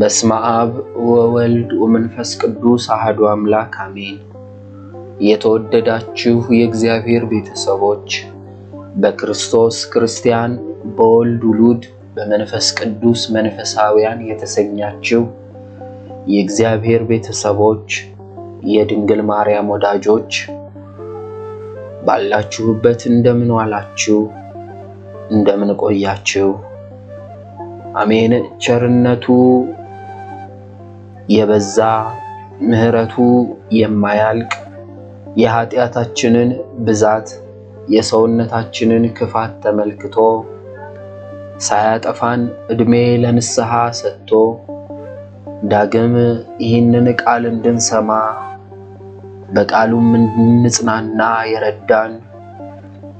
በስመ አብ ወወልድ ወመንፈስ ቅዱስ አህዱ አምላክ አሜን። የተወደዳችሁ የእግዚአብሔር ቤተሰቦች በክርስቶስ ክርስቲያን፣ በወልድ ውሉድ፣ በመንፈስ ቅዱስ መንፈሳውያን የተሰኛችሁ የእግዚአብሔር ቤተሰቦች፣ የድንግል ማርያም ወዳጆች ባላችሁበት እንደምን ዋላችሁ? እንደምን ቆያችሁ? አሜን። ቸርነቱ የበዛ ምሕረቱ የማያልቅ የኃጢአታችንን ብዛት የሰውነታችንን ክፋት ተመልክቶ ሳያጠፋን ዕድሜ ለንስሐ ሰጥቶ ዳግም ይህንን ቃል እንድንሰማ በቃሉም እንድንጽናና የረዳን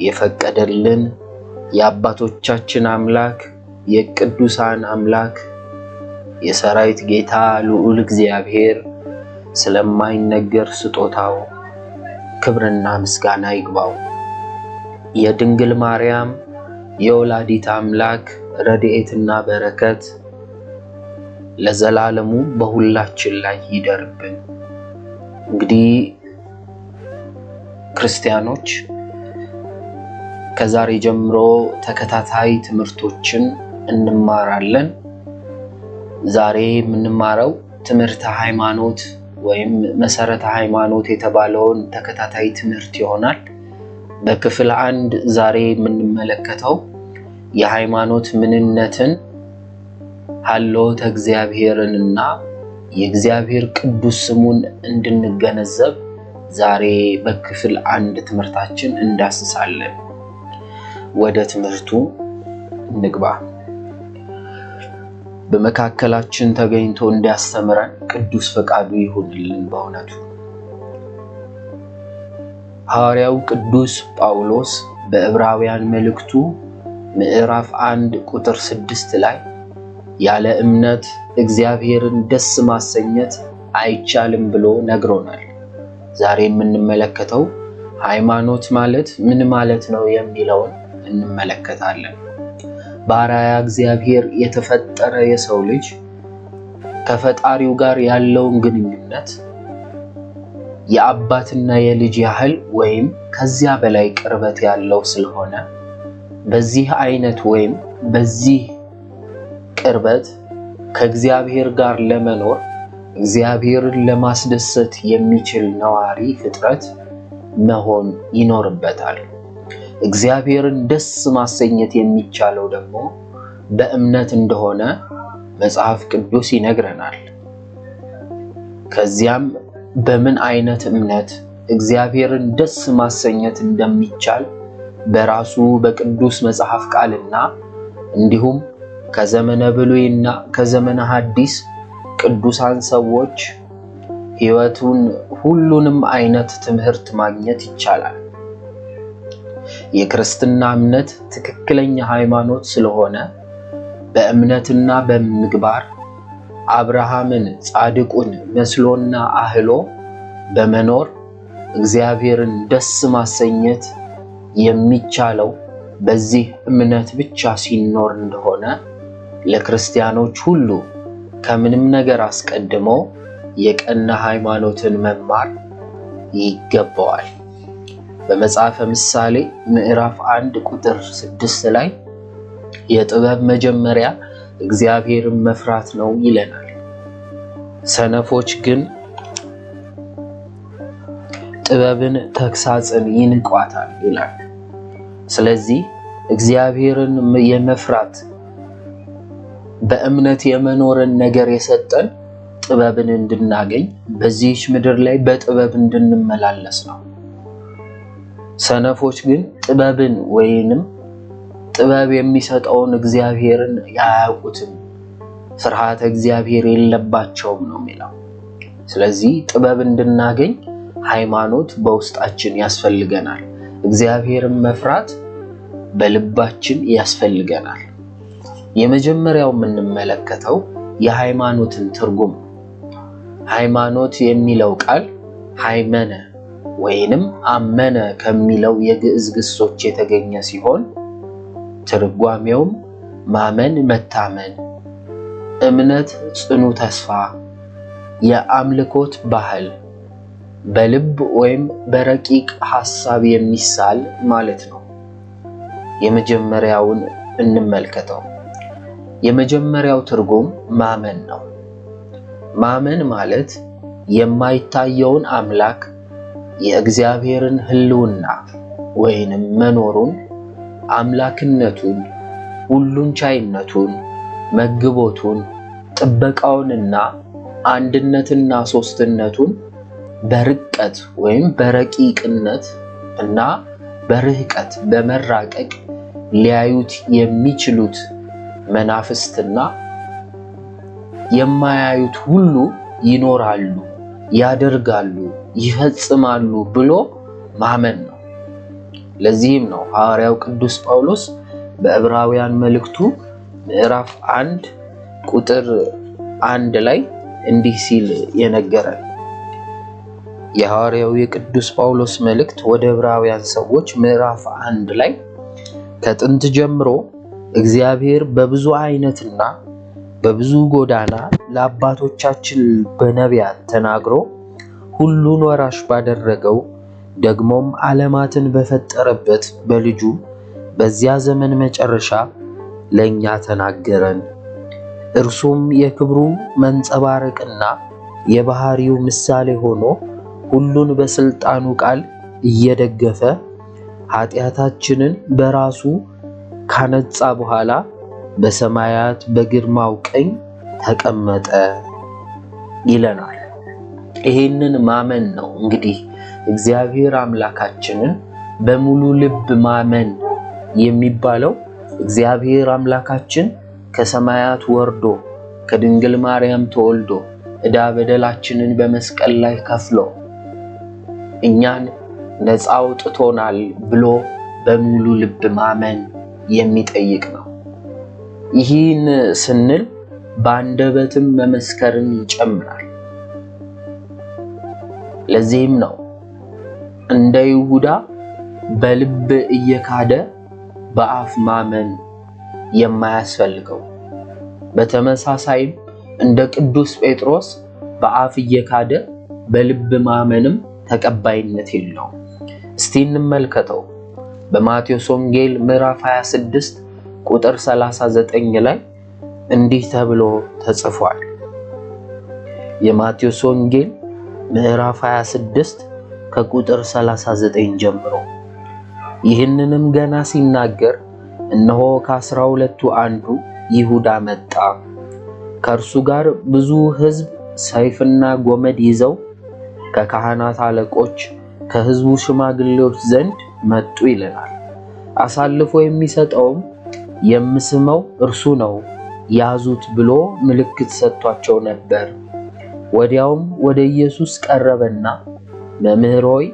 የፈቀደልን የአባቶቻችን አምላክ የቅዱሳን አምላክ የሰራዊት ጌታ ልዑል እግዚአብሔር ስለማይነገር ስጦታው ክብርና ምስጋና ይግባው። የድንግል ማርያም የወላዲት አምላክ ረድኤትና በረከት ለዘላለሙ በሁላችን ላይ ይደርብን። እንግዲህ ክርስቲያኖች ከዛሬ ጀምሮ ተከታታይ ትምህርቶችን እንማራለን። ዛሬ የምንማረው ትምህርተ ሃይማኖት ወይም መሰረተ ሃይማኖት የተባለውን ተከታታይ ትምህርት ይሆናል። በክፍል አንድ ዛሬ የምንመለከተው የሃይማኖት ምንነትን፣ ሀልዎተ እግዚአብሔርንና የእግዚአብሔር ቅዱስ ስሙን እንድንገነዘብ ዛሬ በክፍል አንድ ትምህርታችን እንዳስሳለን። ወደ ትምህርቱ እንግባ። በመካከላችን ተገኝቶ እንዲያስተምረን ቅዱስ ፈቃዱ ይሁንልን። በእውነቱ ሐዋርያው ቅዱስ ጳውሎስ በዕብራውያን መልእክቱ ምዕራፍ አንድ ቁጥር ስድስት ላይ ያለ እምነት እግዚአብሔርን ደስ ማሰኘት አይቻልም ብሎ ነግሮናል። ዛሬ የምንመለከተው ሃይማኖት ማለት ምን ማለት ነው የሚለውን እንመለከታለን። ባራያ እግዚአብሔር የተፈጠረ የሰው ልጅ ከፈጣሪው ጋር ያለውን ግንኙነት የአባትና የልጅ ያህል ወይም ከዚያ በላይ ቅርበት ያለው ስለሆነ በዚህ አይነት ወይም በዚህ ቅርበት ከእግዚአብሔር ጋር ለመኖር እግዚአብሔርን ለማስደሰት የሚችል ነዋሪ ፍጥረት መሆን ይኖርበታል። እግዚአብሔርን ደስ ማሰኘት የሚቻለው ደግሞ በእምነት እንደሆነ መጽሐፍ ቅዱስ ይነግረናል። ከዚያም በምን አይነት እምነት እግዚአብሔርን ደስ ማሰኘት እንደሚቻል በራሱ በቅዱስ መጽሐፍ ቃልና እንዲሁም ከዘመነ ብሉይና ከዘመነ ሐዲስ ቅዱሳን ሰዎች ሕይወቱን ሁሉንም አይነት ትምህርት ማግኘት ይቻላል። የክርስትና እምነት ትክክለኛ ሃይማኖት ስለሆነ በእምነትና በምግባር አብርሃምን ጻድቁን መስሎና አህሎ በመኖር እግዚአብሔርን ደስ ማሰኘት የሚቻለው በዚህ እምነት ብቻ ሲኖር እንደሆነ ለክርስቲያኖች ሁሉ ከምንም ነገር አስቀድሞ የቀና ሃይማኖትን መማር ይገባዋል። በመጽሐፈ ምሳሌ ምዕራፍ አንድ ቁጥር ስድስት ላይ የጥበብ መጀመሪያ እግዚአብሔርን መፍራት ነው ይለናል። ሰነፎች ግን ጥበብን ተግሳጽን ይንቋታል ይላል። ስለዚህ እግዚአብሔርን የመፍራት በእምነት የመኖርን ነገር የሰጠን ጥበብን እንድናገኝ በዚህች ምድር ላይ በጥበብ እንድንመላለስ ነው። ሰነፎች ግን ጥበብን ወይንም ጥበብ የሚሰጠውን እግዚአብሔርን ያያውቁትም ፍርሃተ እግዚአብሔር የለባቸውም ነው የሚለው። ስለዚህ ጥበብ እንድናገኝ ሃይማኖት በውስጣችን ያስፈልገናል። እግዚአብሔርን መፍራት በልባችን ያስፈልገናል። የመጀመሪያው የምንመለከተው የሃይማኖትን ትርጉም ሃይማኖት የሚለው ቃል ሃይመነ ወይንም አመነ ከሚለው የግዕዝ ግሶች የተገኘ ሲሆን ትርጓሜውም ማመን፣ መታመን፣ እምነት፣ ጽኑ ተስፋ፣ የአምልኮት ባህል፣ በልብ ወይም በረቂቅ ሐሳብ የሚሳል ማለት ነው። የመጀመሪያውን እንመልከተው። የመጀመሪያው ትርጉም ማመን ነው። ማመን ማለት የማይታየውን አምላክ የእግዚአብሔርን ሕልውና ወይንም መኖሩን፣ አምላክነቱን፣ ሁሉን ቻይነቱን፣ መግቦቱን፣ ጥበቃውንና አንድነትና ሶስትነቱን በርቀት ወይም በረቂቅነት እና በርህቀት በመራቀቅ ሊያዩት የሚችሉት መናፍስትና የማያዩት ሁሉ ይኖራሉ። ያደርጋሉ፣ ይፈጽማሉ ብሎ ማመን ነው። ለዚህም ነው ሐዋርያው ቅዱስ ጳውሎስ በዕብራውያን መልእክቱ ምዕራፍ አንድ ቁጥር አንድ ላይ እንዲህ ሲል የነገረን። የሐዋርያው የቅዱስ ጳውሎስ መልእክት ወደ ዕብራውያን ሰዎች ምዕራፍ አንድ ላይ ከጥንት ጀምሮ እግዚአብሔር በብዙ አይነትና በብዙ ጎዳና ለአባቶቻችን በነቢያት ተናግሮ ሁሉን ወራሽ ባደረገው ደግሞም ዓለማትን በፈጠረበት በልጁ በዚያ ዘመን መጨረሻ ለእኛ ተናገረን። እርሱም የክብሩ መንጸባረቅና የባህሪው ምሳሌ ሆኖ ሁሉን በስልጣኑ ቃል እየደገፈ ኃጢአታችንን በራሱ ካነጻ በኋላ በሰማያት በግርማው ቀኝ ተቀመጠ ይለናል። ይህንን ማመን ነው እንግዲህ እግዚአብሔር አምላካችንን በሙሉ ልብ ማመን የሚባለው እግዚአብሔር አምላካችን ከሰማያት ወርዶ ከድንግል ማርያም ተወልዶ ዕዳ በደላችንን በመስቀል ላይ ከፍሎ እኛን ነፃ አውጥቶናል ብሎ በሙሉ ልብ ማመን የሚጠይቅ ነው። ይህን ስንል በአንደበትም መመስከርን ይጨምራል። ለዚህም ነው እንደ ይሁዳ በልብ እየካደ በአፍ ማመን የማያስፈልገው። በተመሳሳይም እንደ ቅዱስ ጴጥሮስ በአፍ እየካደ በልብ ማመንም ተቀባይነት የለውም። እስቲ እንመልከተው በማቴዎስ ወንጌል ምዕራፍ 26 ቁጥር 39 ላይ እንዲህ ተብሎ ተጽፏል። የማቴዎስ ወንጌል ምዕራፍ 26 ከቁጥር 39 ጀምሮ። ይህንንም ገና ሲናገር እነሆ ከአስራ ሁለቱ አንዱ ይሁዳ መጣ፣ ከእርሱ ጋር ብዙ ሕዝብ ሰይፍና ጎመድ ይዘው ከካህናት አለቆች ከሕዝቡ ሽማግሌዎች ዘንድ መጡ ይለናል። አሳልፎ የሚሰጠውም የምስመው እርሱ ነው ያዙት ብሎ ምልክት ሰጥቷቸው ነበር። ወዲያውም ወደ ኢየሱስ ቀረበና መምህር ሆይ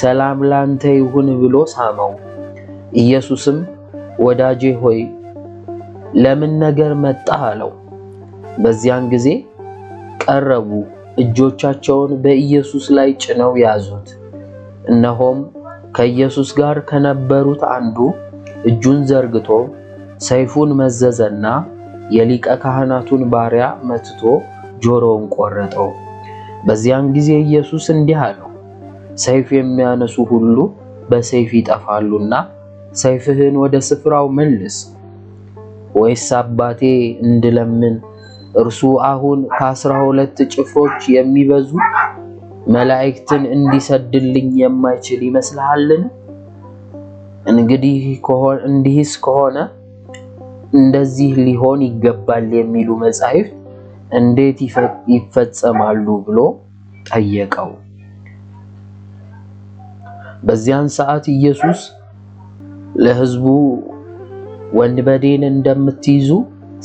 ሰላም ላንተ ይሁን ብሎ ሳመው። ኢየሱስም ወዳጄ ሆይ ለምን ነገር መጣህ አለው። በዚያን ጊዜ ቀረቡ፣ እጆቻቸውን በኢየሱስ ላይ ጭነው ያዙት። እነሆም ከኢየሱስ ጋር ከነበሩት አንዱ እጁን ዘርግቶ ሰይፉን መዘዘና የሊቀ ካህናቱን ባሪያ መትቶ ጆሮውን ቆረጠው። በዚያን ጊዜ ኢየሱስ እንዲህ አለው፣ ሰይፍ የሚያነሱ ሁሉ በሰይፍ ይጠፋሉና ሰይፍህን ወደ ስፍራው መልስ። ወይስ አባቴ እንድለምን እርሱ አሁን ከአስራ ሁለት ጭፍሮች የሚበዙ መላእክትን እንዲሰድልኝ የማይችል ይመስልሃልን? እንግዲህ እንዲህስ ከሆነ እንደዚህ ሊሆን ይገባል የሚሉ መጻሕፍት እንዴት ይፈጸማሉ ብሎ ጠየቀው። በዚያን ሰዓት ኢየሱስ ለሕዝቡ ወንበዴን እንደምትይዙ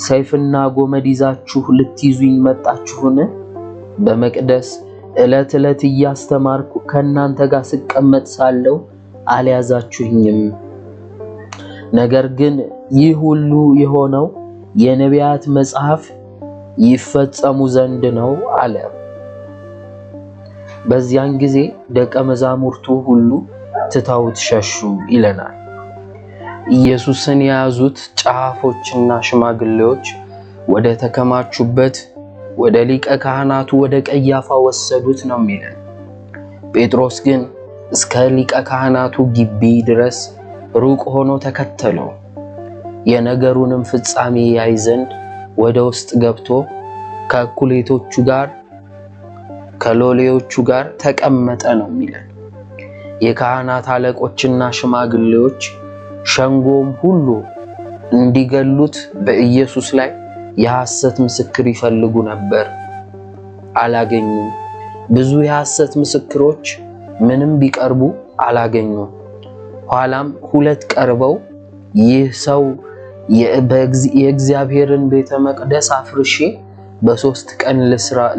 ሰይፍና ጎመድ ይዛችሁ ልትይዙኝ መጣችሁን? በመቅደስ ዕለት ዕለት እያስተማርኩ ከእናንተ ጋር ስቀመጥ ሳለሁ አልያዛችሁኝም። ነገር ግን ይህ ሁሉ የሆነው የነቢያት መጽሐፍ ይፈጸሙ ዘንድ ነው አለ። በዚያን ጊዜ ደቀ መዛሙርቱ ሁሉ ትተውት ሸሹ ይለናል። ኢየሱስን የያዙት ጸሐፎችና ሽማግሌዎች ወደ ተከማቹበት ወደ ሊቀ ካህናቱ ወደ ቀያፋ ወሰዱት ነው የሚለን። ጴጥሮስ ግን እስከ ሊቀ ካህናቱ ግቢ ድረስ ሩቅ ሆኖ ተከተለው። የነገሩንም ፍጻሜ ያይ ዘንድ ወደ ውስጥ ገብቶ ከእኩሌቶቹ ጋር ከሎሌዎቹ ጋር ተቀመጠ ነው የሚለን። የካህናት አለቆችና ሽማግሌዎች ሸንጎም ሁሉ እንዲገሉት በኢየሱስ ላይ የሐሰት ምስክር ይፈልጉ ነበር፣ አላገኙም። ብዙ የሐሰት ምስክሮች ምንም ቢቀርቡ አላገኙም። ኋላም ሁለት ቀርበው ይህ ሰው የእግዚአብሔርን ቤተ መቅደስ አፍርሼ በሶስት ቀን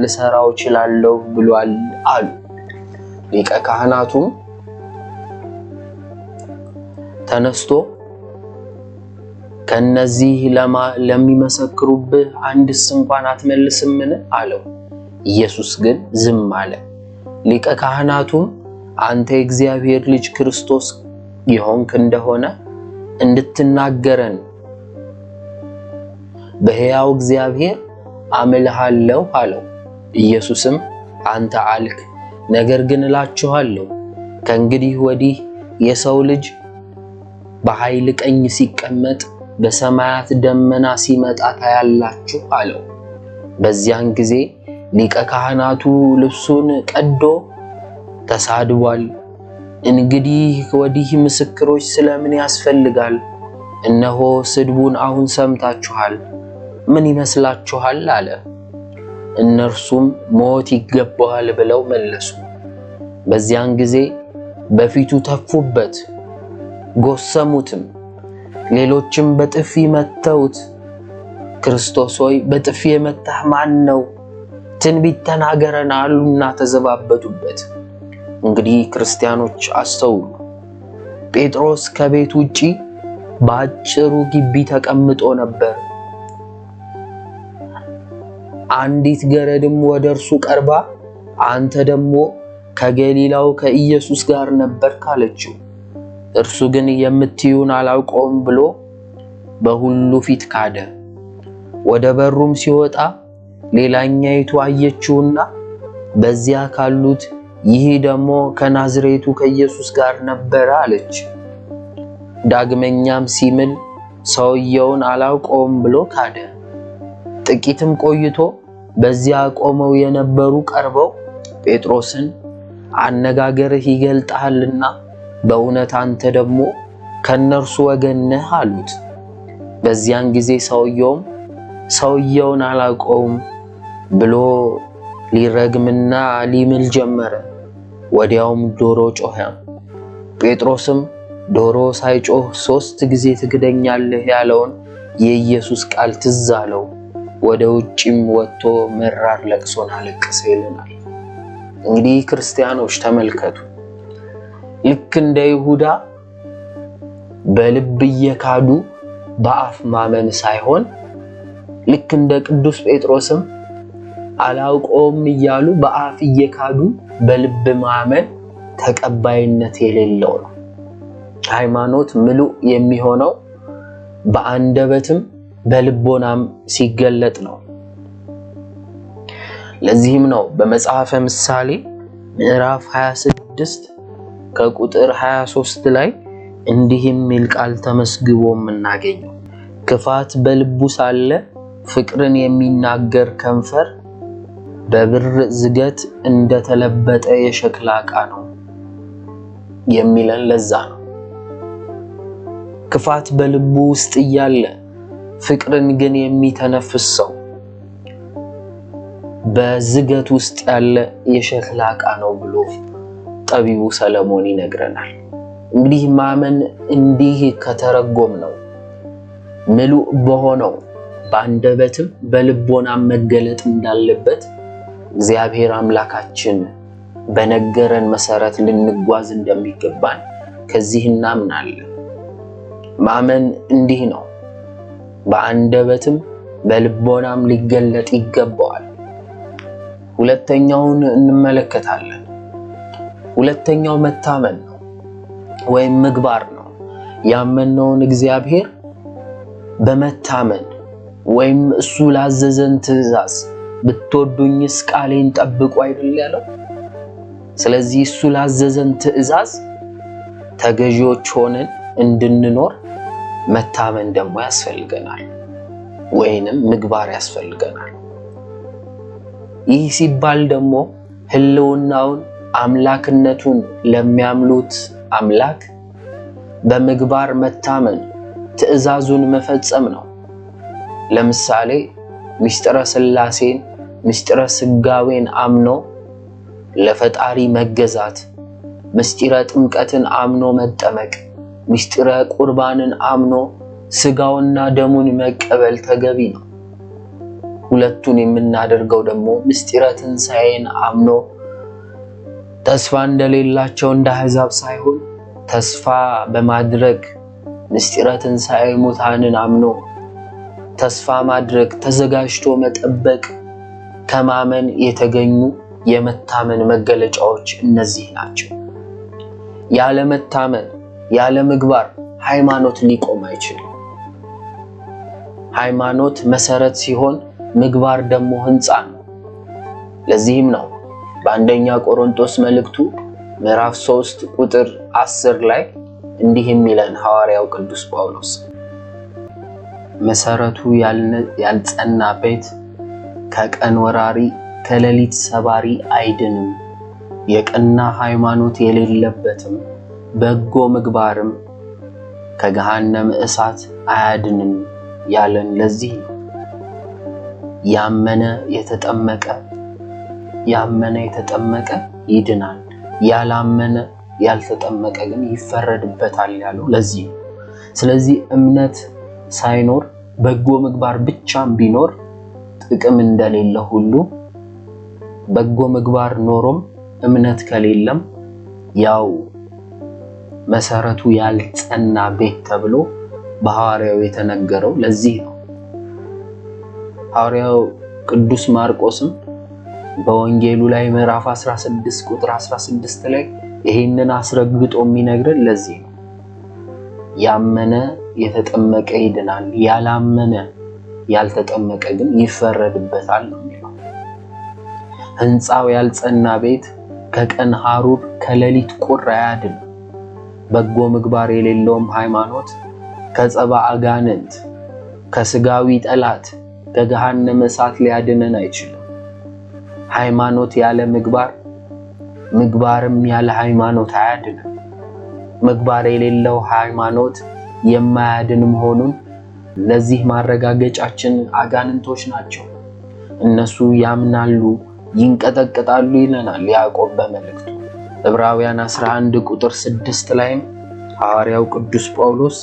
ልሰራው እችላለሁ ብሏል አሉ። ሊቀ ካህናቱም ተነስቶ ከነዚህ ለሚመሰክሩብህ አንድስ እንኳን አትመልስምን? አለው። ኢየሱስ ግን ዝም አለ። ሊቀ ካህናቱም አንተ የእግዚአብሔር ልጅ ክርስቶስ የሆንክ እንደሆነ እንድትናገረን በሕያው እግዚአብሔር አምልሃለሁ አለው። ኢየሱስም አንተ አልክ፣ ነገር ግን እላችኋለሁ ከእንግዲህ ወዲህ የሰው ልጅ በኃይል ቀኝ ሲቀመጥ በሰማያት ደመና ሲመጣ ታያላችሁ አለው። በዚያን ጊዜ ሊቀ ካህናቱ ልብሱን ቀዶ ተሳድቧል፣ እንግዲህ ወዲህ ምስክሮች ስለምን ያስፈልጋል? እነሆ ስድቡን አሁን ሰምታችኋል። ምን ይመስላችኋል አለ። እነርሱም ሞት ይገባዋል ብለው መለሱ። በዚያን ጊዜ በፊቱ ተፉበት፣ ጎሰሙትም። ሌሎችም በጥፊ መተውት፣ ክርስቶስ ሆይ በጥፊ የመታህ ማን ነው? ትንቢት ተናገረን አሉና ተዘባበቱበት። እንግዲህ ክርስቲያኖች አስተውሉ። ጴጥሮስ ከቤት ውጪ በአጭሩ ግቢ ተቀምጦ ነበር። አንዲት ገረድም ወደ እርሱ ቀርባ አንተ ደግሞ ከገሊላው ከኢየሱስ ጋር ነበርክ አለችው። እርሱ ግን የምትዩን አላውቀውም ብሎ በሁሉ ፊት ካደ። ወደ በሩም ሲወጣ ሌላኛይቱ አየችውና በዚያ ካሉት ይህ ደግሞ ከናዝሬቱ ከኢየሱስ ጋር ነበረ አለች። ዳግመኛም ሲምል ሰውየውን አላውቀውም ብሎ ካደ። ጥቂትም ቆይቶ በዚያ ቆመው የነበሩ ቀርበው ጴጥሮስን አነጋገርህ ይገልጣልና በእውነት አንተ ደግሞ ከነርሱ ወገን ነህ አሉት። በዚያን ጊዜ ሰውየውም ሰውየውን አላውቀውም ብሎ ሊረግምና ሊምል ጀመረ። ወዲያውም ዶሮ ጮኸ። ጴጥሮስም ዶሮ ሳይጮህ ሦስት ጊዜ ትክደኛለህ ያለውን የኢየሱስ ቃል ትዝ አለው። ወደ ውጭም ወጥቶ መራር ለቅሶን አለቀሰ ይለናል። እንግዲህ ክርስቲያኖች ተመልከቱ። ልክ እንደ ይሁዳ በልብ እየካዱ በአፍ ማመን ሳይሆን ልክ እንደ ቅዱስ ጴጥሮስም አላውቀውም እያሉ በአፍ እየካዱ በልብ ማመን ተቀባይነት የሌለው ነው። ሃይማኖት ምሉእ የሚሆነው በአንደበትም በልቦናም ሲገለጥ ነው። ለዚህም ነው በመጽሐፈ ምሳሌ ምዕራፍ 26 ከቁጥር 23 ላይ እንዲህ የሚል ቃል ተመስግቦ የምናገኘው ክፋት በልቡ ሳለ ፍቅርን የሚናገር ከንፈር በብር ዝገት እንደተለበጠ የሸክላ ዕቃ ነው የሚለን ለዛ ነው። ክፋት በልቡ ውስጥ እያለ ፍቅርን ግን የሚተነፍስ ሰው በዝገት ውስጥ ያለ የሸክላ ዕቃ ነው ብሎ ጠቢቡ ሰለሞን ይነግረናል። እንግዲህ ማመን እንዲህ ከተረጎም ነው ምሉእ በሆነው በአንደበትም በልቦናም መገለጥ እንዳለበት እግዚአብሔር አምላካችን በነገረን መሰረት ልንጓዝ እንደሚገባን ከዚህ እናምናለን። ማመን እንዲህ ነው። በአንደበትም በልቦናም ሊገለጥ ይገባዋል። ሁለተኛውን እንመለከታለን። ሁለተኛው መታመን ነው ወይም ምግባር ነው። ያመነውን እግዚአብሔር በመታመን ወይም እሱ ላዘዘን ትእዛዝ ብትወዱኝስ ቃሌን ጠብቁ አይደል ያለው። ስለዚህ እሱ ላዘዘን ትእዛዝ ተገዢዎች ሆነን እንድንኖር መታመን ደግሞ ያስፈልገናል፣ ወይንም ምግባር ያስፈልገናል። ይህ ሲባል ደግሞ ህልውናውን አምላክነቱን ለሚያምሉት አምላክ በምግባር መታመን ትዕዛዙን መፈጸም ነው። ለምሳሌ ምስጢረ ስላሴን ምስጢረ ስጋዌን አምኖ ለፈጣሪ መገዛት፣ ምስጢረ ጥምቀትን አምኖ መጠመቅ ምስጢረ ቁርባንን አምኖ ስጋውና ደሙን መቀበል ተገቢ ነው። ሁለቱን የምናደርገው ደግሞ ምስጢረ ትንሣኤን አምኖ ተስፋ እንደሌላቸው እንደ አሕዛብ ሳይሆን ተስፋ በማድረግ ምስጢረ ትንሣኤ ሙታንን አምኖ ተስፋ ማድረግ ተዘጋጅቶ መጠበቅ ከማመን የተገኙ የመታመን መገለጫዎች እነዚህ ናቸው። ያለመታመን ያለ ምግባር ሃይማኖት ሊቆም አይችልም። ሃይማኖት መሰረት ሲሆን ምግባር ደግሞ ህንፃ ነው። ለዚህም ነው በአንደኛ ቆሮንቶስ መልእክቱ ምዕራፍ 3 ቁጥር 10 ላይ እንዲህ የሚለን ሐዋርያው ቅዱስ ጳውሎስ መሰረቱ ያልጸና ቤት ከቀን ወራሪ ከሌሊት ሰባሪ አይድንም፣ የቀና ሃይማኖት የሌለበትም በጎ ምግባርም ከገሃነም እሳት አያድንም ያለን ለዚህ ነው። ያመነ የተጠመቀ ያመነ የተጠመቀ ይድናል፣ ያላመነ ያልተጠመቀ ግን ይፈረድበታል ያለው ለዚህ ነው። ስለዚህ እምነት ሳይኖር በጎ ምግባር ብቻም ቢኖር ጥቅም እንደሌለ ሁሉ በጎ ምግባር ኖሮም እምነት ከሌለም ያው መሰረቱ ያልጸና ቤት ተብሎ በሐዋርያው የተነገረው ለዚህ ነው። ሐዋርያው ቅዱስ ማርቆስም በወንጌሉ ላይ ምዕራፍ 16 ቁጥር 16 ላይ ይሄንን አስረግጦ የሚነግረን ለዚህ ነው። ያመነ የተጠመቀ ይድናል፣ ያላመነ ያልተጠመቀ ግን ይፈረድበታል ነው የሚለው። ህንፃው ያልጸና ቤት ከቀን ሐሩር ከሌሊት ቁር አያድንም። በጎ ምግባር የሌለውም ሃይማኖት ከጸባ አጋንንት ከስጋዊ ጠላት ከገሃነመ እሳት ሊያድነን አይችልም። ሃይማኖት ያለ ምግባር፣ ምግባርም ያለ ሃይማኖት አያድንም። ምግባር የሌለው ሃይማኖት የማያድን መሆኑን ለዚህ ማረጋገጫችን አጋንንቶች ናቸው። እነሱ ያምናሉ፣ ይንቀጠቀጣሉ ይለናል ያዕቆብ በመልእክቱ። ዕብራውያን 11 ቁጥር 6 ላይም ሐዋርያው ቅዱስ ጳውሎስ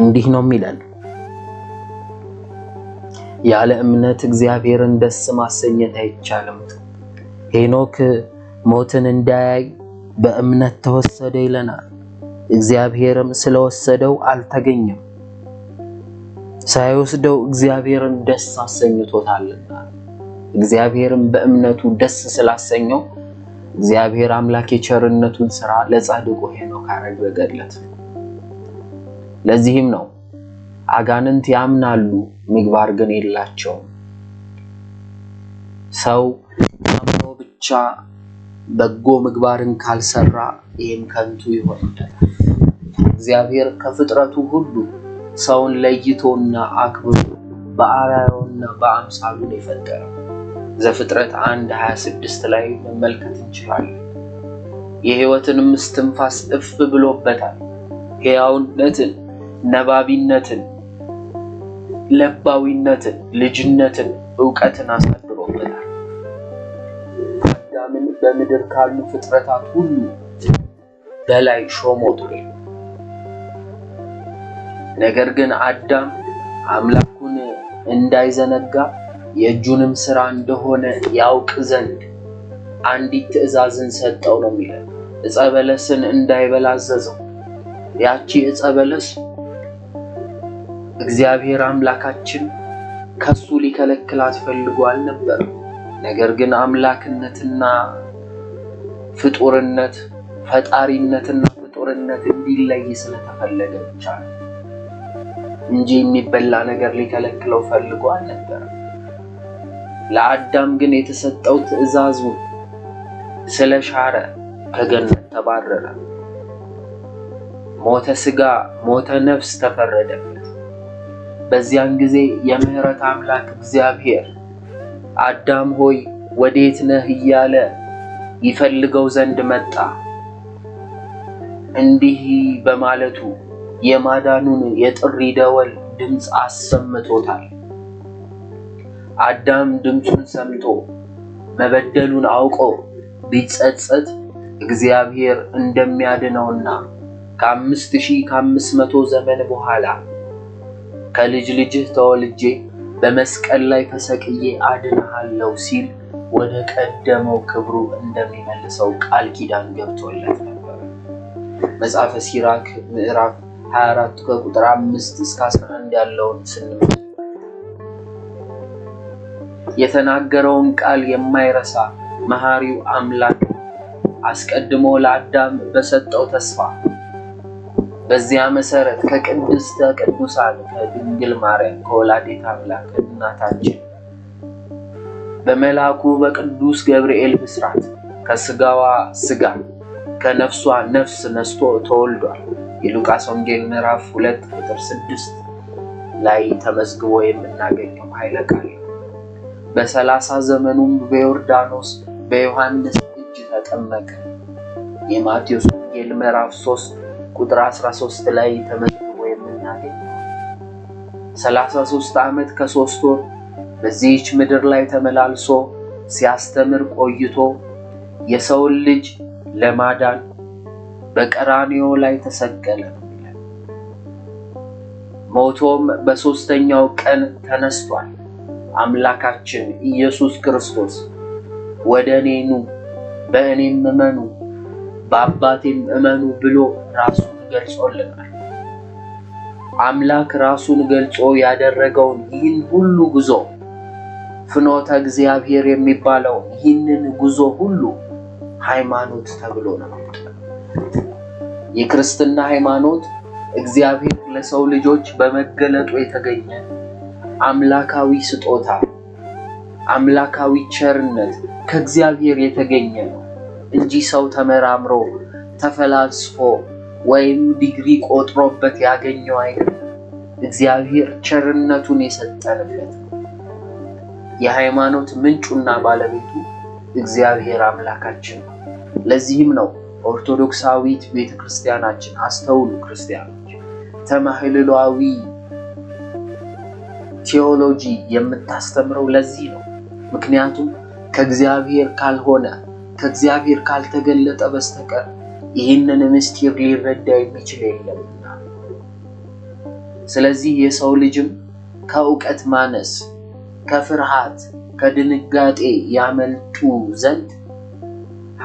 እንዲህ ነው የሚለን፣ ያለ እምነት እግዚአብሔርን ደስ ማሰኘት አይቻልም፣ ሄኖክ ሞትን እንዳያይ በእምነት ተወሰደ ይለናል። እግዚአብሔርም ስለወሰደው አልተገኘም፣ ሳይወስደው እግዚአብሔርን ደስ አሰኝቶታልና። እግዚአብሔርም በእምነቱ ደስ ስላሰኘው እግዚአብሔር አምላክ የቸርነቱን ስራ ለጻድቁ ሄኖክ አደረገለት። ለዚህም ነው አጋንንት ያምናሉ፣ ምግባር ግን የላቸውም። ሰው አምኖ ብቻ በጎ ምግባርን ካልሰራ ይህም ከንቱ ይሆናል። እግዚአብሔር ከፍጥረቱ ሁሉ ሰውን ለይቶና አክብሮ በአርአያውና በአምሳሉን የፈጠረው ዘፍጥረት 1 26 ላይ መመልከት እንችላለን። የህይወትን እስትንፋስ እፍ ብሎበታል። ሕያውነትን፣ ነባቢነትን፣ ለባዊነትን፣ ልጅነትን፣ ዕውቀትን አሳድሮበታል። አዳምን በምድር ካሉ ፍጥረታት ሁሉ በላይ ሾሞት። ነገር ግን አዳም አምላኩን እንዳይዘነጋ የእጁንም ስራ እንደሆነ ያውቅ ዘንድ አንዲት ትእዛዝን ሰጠው ነው የሚለው። ዕፀ በለስን እንዳይበላ አዘዘው። ያቺ ዕፀ በለስ እግዚአብሔር አምላካችን ከሱ ሊከለክላት ፈልጎ አልነበረም። ነገር ግን አምላክነትና ፍጡርነት ፈጣሪነትና ፍጡርነት እንዲለይ ስለተፈለገ ብቻ ነው እንጂ የሚበላ ነገር ሊከለክለው ፈልጎ አልነበረም። ለአዳም ግን የተሰጠው ትእዛዙ ስለሻረ ከገነት ተባረረ። ሞተ ስጋ፣ ሞተ ነፍስ ተፈረደበት። በዚያን ጊዜ የምህረት አምላክ እግዚአብሔር አዳም ሆይ ወዴት ነህ እያለ ይፈልገው ዘንድ መጣ። እንዲህ በማለቱ የማዳኑን የጥሪ ደወል ድምፅ አሰምቶታል። አዳም ድምፁን ሰምቶ መበደሉን አውቆ ቢጸጸት እግዚአብሔር እንደሚያድነውና ከአምስት ሺህ ከአምስት መቶ ዘመን በኋላ ከልጅ ልጅህ ተወልጄ በመስቀል ላይ ተሰቅዬ አድንሃለሁ ሲል ወደ ቀደመው ክብሩ እንደሚመልሰው ቃል ኪዳን ገብቶለት ነበር። መጽሐፈ ሲራክ ምዕራፍ 24 ከቁጥር 5 እስከ 11 ያለውን ስንመ የተናገረውን ቃል የማይረሳ መሐሪው አምላክ አስቀድሞ ለአዳም በሰጠው ተስፋ በዚያ መሰረት ከቅድስተ ቅዱሳን ከድንግል ማርያም ከወላዲተ አምላክ እናታችን በመልአኩ በቅዱስ ገብርኤል ብስራት ከስጋዋ ስጋ ከነፍሷ ነፍስ ነስቶ ተወልዷል። የሉቃስ ወንጌል ምዕራፍ ሁለት ቁጥር ስድስት ላይ ተመዝግቦ የምናገኘው ኃይለ ቃል በሰላሳ ዘመኑም በዮርዳኖስ በዮሐንስ እጅ ተጠመቀ። የማቴዎስ ወንጌል ምዕራፍ 3 ቁጥር 13 ላይ ተመዝግቦ የምናገኘው 33 ዓመት ከሶስት ወር በዚህች ምድር ላይ ተመላልሶ ሲያስተምር ቆይቶ የሰውን ልጅ ለማዳን በቀራንዮ ላይ ተሰቀለ። ሞቶም በሶስተኛው ቀን ተነስቷል። አምላካችን ኢየሱስ ክርስቶስ ወደ እኔ ኑ በእኔም እመኑ በአባቴም እመኑ ብሎ ራሱን ገልጾልናል። አምላክ ራሱን ገልጾ ያደረገውን ይህን ሁሉ ጉዞ ፍኖተ እግዚአብሔር የሚባለው ይህንን ጉዞ ሁሉ ሃይማኖት ተብሎ ነው። የክርስትና ሃይማኖት እግዚአብሔር ለሰው ልጆች በመገለጡ የተገኘ አምላካዊ ስጦታ፣ አምላካዊ ቸርነት ከእግዚአብሔር የተገኘ ነው እንጂ ሰው ተመራምሮ ተፈላስፎ ወይም ዲግሪ ቆጥሮበት ያገኘው አይደለም። እግዚአብሔር ቸርነቱን የሰጠንበት የሃይማኖት ምንጩና ባለቤቱ እግዚአብሔር አምላካችን ነው። ለዚህም ነው ኦርቶዶክሳዊት ቤተ ክርስቲያናችን አስተውሉ ክርስቲያኖች ተማህልሏዊ ቴዎሎጂ የምታስተምረው ለዚህ ነው። ምክንያቱም ከእግዚአብሔር ካልሆነ ከእግዚአብሔር ካልተገለጠ በስተቀር ይህንን ምስጢር ሊረዳ የሚችል የለምና። ስለዚህ የሰው ልጅም ከእውቀት ማነስ፣ ከፍርሃት፣ ከድንጋጤ ያመልጡ ዘንድ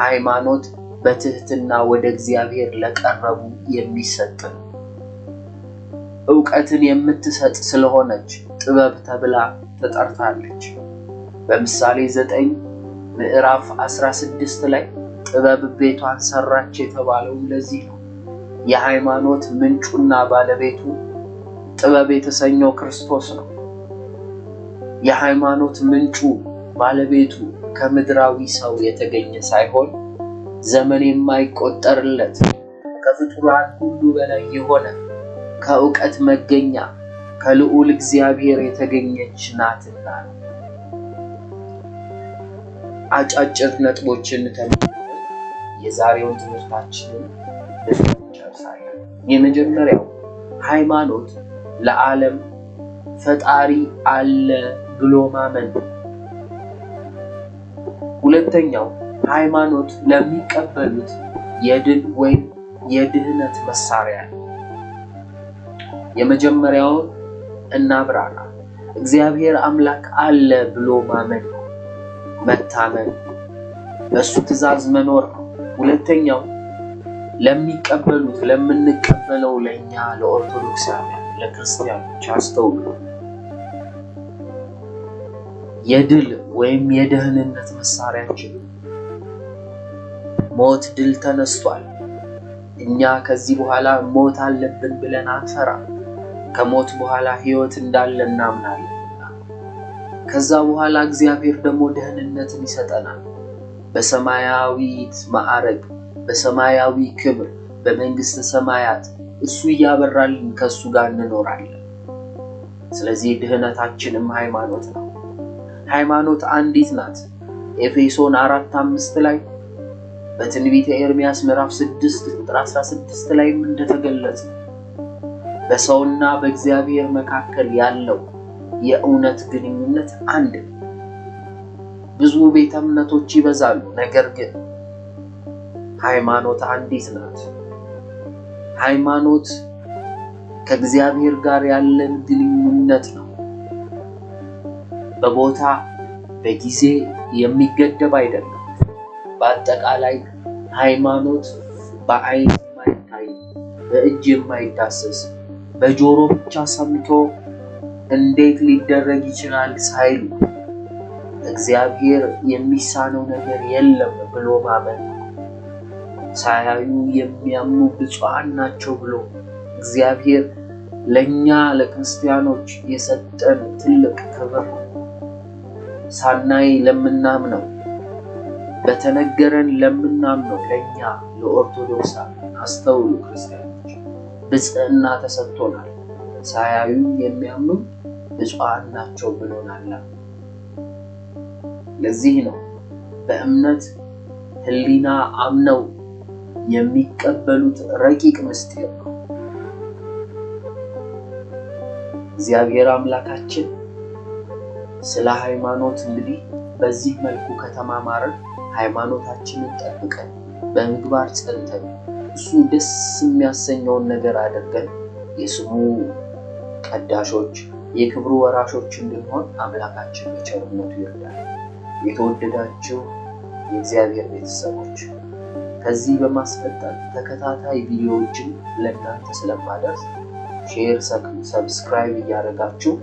ሃይማኖት በትህትና ወደ እግዚአብሔር ለቀረቡ የሚሰጥ ነው። እውቀትን የምትሰጥ ስለሆነች ጥበብ ተብላ ተጠርታለች። በምሳሌ ዘጠኝ ምዕራፍ 16 ላይ ጥበብ ቤቷን ሰራች የተባለው ለዚህ ነው። የሃይማኖት ምንጩና ባለቤቱ ጥበብ የተሰኘው ክርስቶስ ነው። የሃይማኖት ምንጩ ባለቤቱ ከምድራዊ ሰው የተገኘ ሳይሆን ዘመን የማይቆጠርለት ከፍጡራን ሁሉ በላይ የሆነ ከእውቀት መገኛ ከልዑል እግዚአብሔር የተገኘች ናትና ነው። አጫጭር ነጥቦችን ተመልክተን የዛሬውን ትምህርታችንን እንጨርሳለን። የመጀመሪያው ሃይማኖት ለዓለም ፈጣሪ አለ ብሎ ማመን። ሁለተኛው ሃይማኖት ለሚቀበሉት የድል ወይም የድህነት መሳሪያ ነው። የመጀመሪያውን እናብራራ። እግዚአብሔር አምላክ አለ ብሎ ማመን ነው፣ መታመን በእሱ ትእዛዝ መኖር ነው። ሁለተኛው ለሚቀበሉት ለምንቀበለው ለእኛ ለኦርቶዶክሳውያን ለክርስቲያኖች አስተውሉ። የድል ወይም የደህንነት መሳሪያችን ሞት ድል ተነስቷል። እኛ ከዚህ በኋላ ሞት አለብን ብለን አንፈራም። ከሞት በኋላ ሕይወት እንዳለ እናምናለንና ከዛ በኋላ እግዚአብሔር ደግሞ ደህንነትን ይሰጠናል። በሰማያዊት ማዕረግ፣ በሰማያዊ ክብር፣ በመንግሥተ ሰማያት እሱ እያበራልን ከእሱ ጋር እንኖራለን። ስለዚህ ድህነታችንም ሃይማኖት ነው። ሃይማኖት አንዲት ናት። ኤፌሶን አራት አምስት ላይ በትንቢተ ኤርምያስ ምዕራፍ 6 ቁጥር 16 ላይም እንደተገለጸ በሰውና በእግዚአብሔር መካከል ያለው የእውነት ግንኙነት አንድ ነው። ብዙ ቤተ እምነቶች ይበዛሉ፣ ነገር ግን ሃይማኖት አንዲት ናት። ሃይማኖት ከእግዚአብሔር ጋር ያለን ግንኙነት ነው። በቦታ በጊዜ የሚገደብ አይደለም። በአጠቃላይ ሃይማኖት በአይን የማይታይ በእጅ የማይዳሰስ በጆሮ ብቻ ሰምቶ እንዴት ሊደረግ ይችላል ሳይሉ እግዚአብሔር የሚሳነው ነገር የለም ብሎ ማመን ሳያዩ የሚያምኑ ብፁዓን ናቸው ብሎ እግዚአብሔር ለእኛ ለክርስቲያኖች የሰጠን ትልቅ ክብር ሳናይ ለምናምነው በተነገረን ለምናምነው ለእኛ ለኦርቶዶክሳን አስተውሉ ክርስቲያን ብፅዕና ተሰጥቶናል። ሳያዩ የሚያምኑ ብፁዓን ናቸው ብሎናለ ለዚህ ነው በእምነት ህሊና አምነው የሚቀበሉት ረቂቅ ምስጢር ነው። እግዚአብሔር አምላካችን ስለ ሃይማኖት እንግዲህ በዚህ መልኩ ከተማማርን ሃይማኖታችንን ጠብቀን በምግባር ጸንተን እሱ ደስ የሚያሰኘውን ነገር አድርገን የስሙ ቀዳሾች፣ የክብሩ ወራሾች እንድንሆን አምላካችን በቸርነቱ ይርዳል። የተወደዳችሁ የእግዚአብሔር ቤተሰቦች ከዚህ በማስቀጠል ተከታታይ ቪዲዮዎችን ለእናንተ ስለማደርስ ሼር፣ ሰብስክራይብ እያደረጋችሁ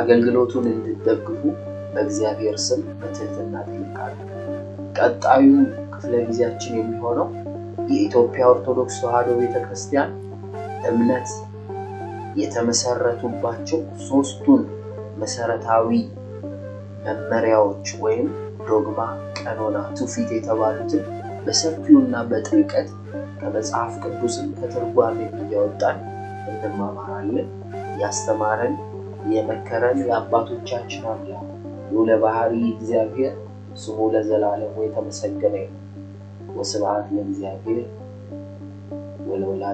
አገልግሎቱን እንድትደግፉ በእግዚአብሔር ስም በትህትና ጠይቃለሁ። ቀጣዩ ክፍለ ጊዜያችን የሚሆነው የኢትዮጵያ ኦርቶዶክስ ተዋሕዶ ቤተ ክርስቲያን እምነት የተመሰረቱባቸው ሶስቱን መሰረታዊ መመሪያዎች ወይም ዶግማ፣ ቀኖና፣ ትውፊት የተባሉትን በሰፊውና በጥልቀት ከመጽሐፍ ቅዱስም ከትርጓሜ እያወጣን እንማማራለን። ያስተማረን የመከረን የአባቶቻችን አምላክ ልዑለ ባህሪ እግዚአብሔር ስሙ ለዘላለሙ የተመሰገነ ይሁን። وصل على النبي ذاكر ولو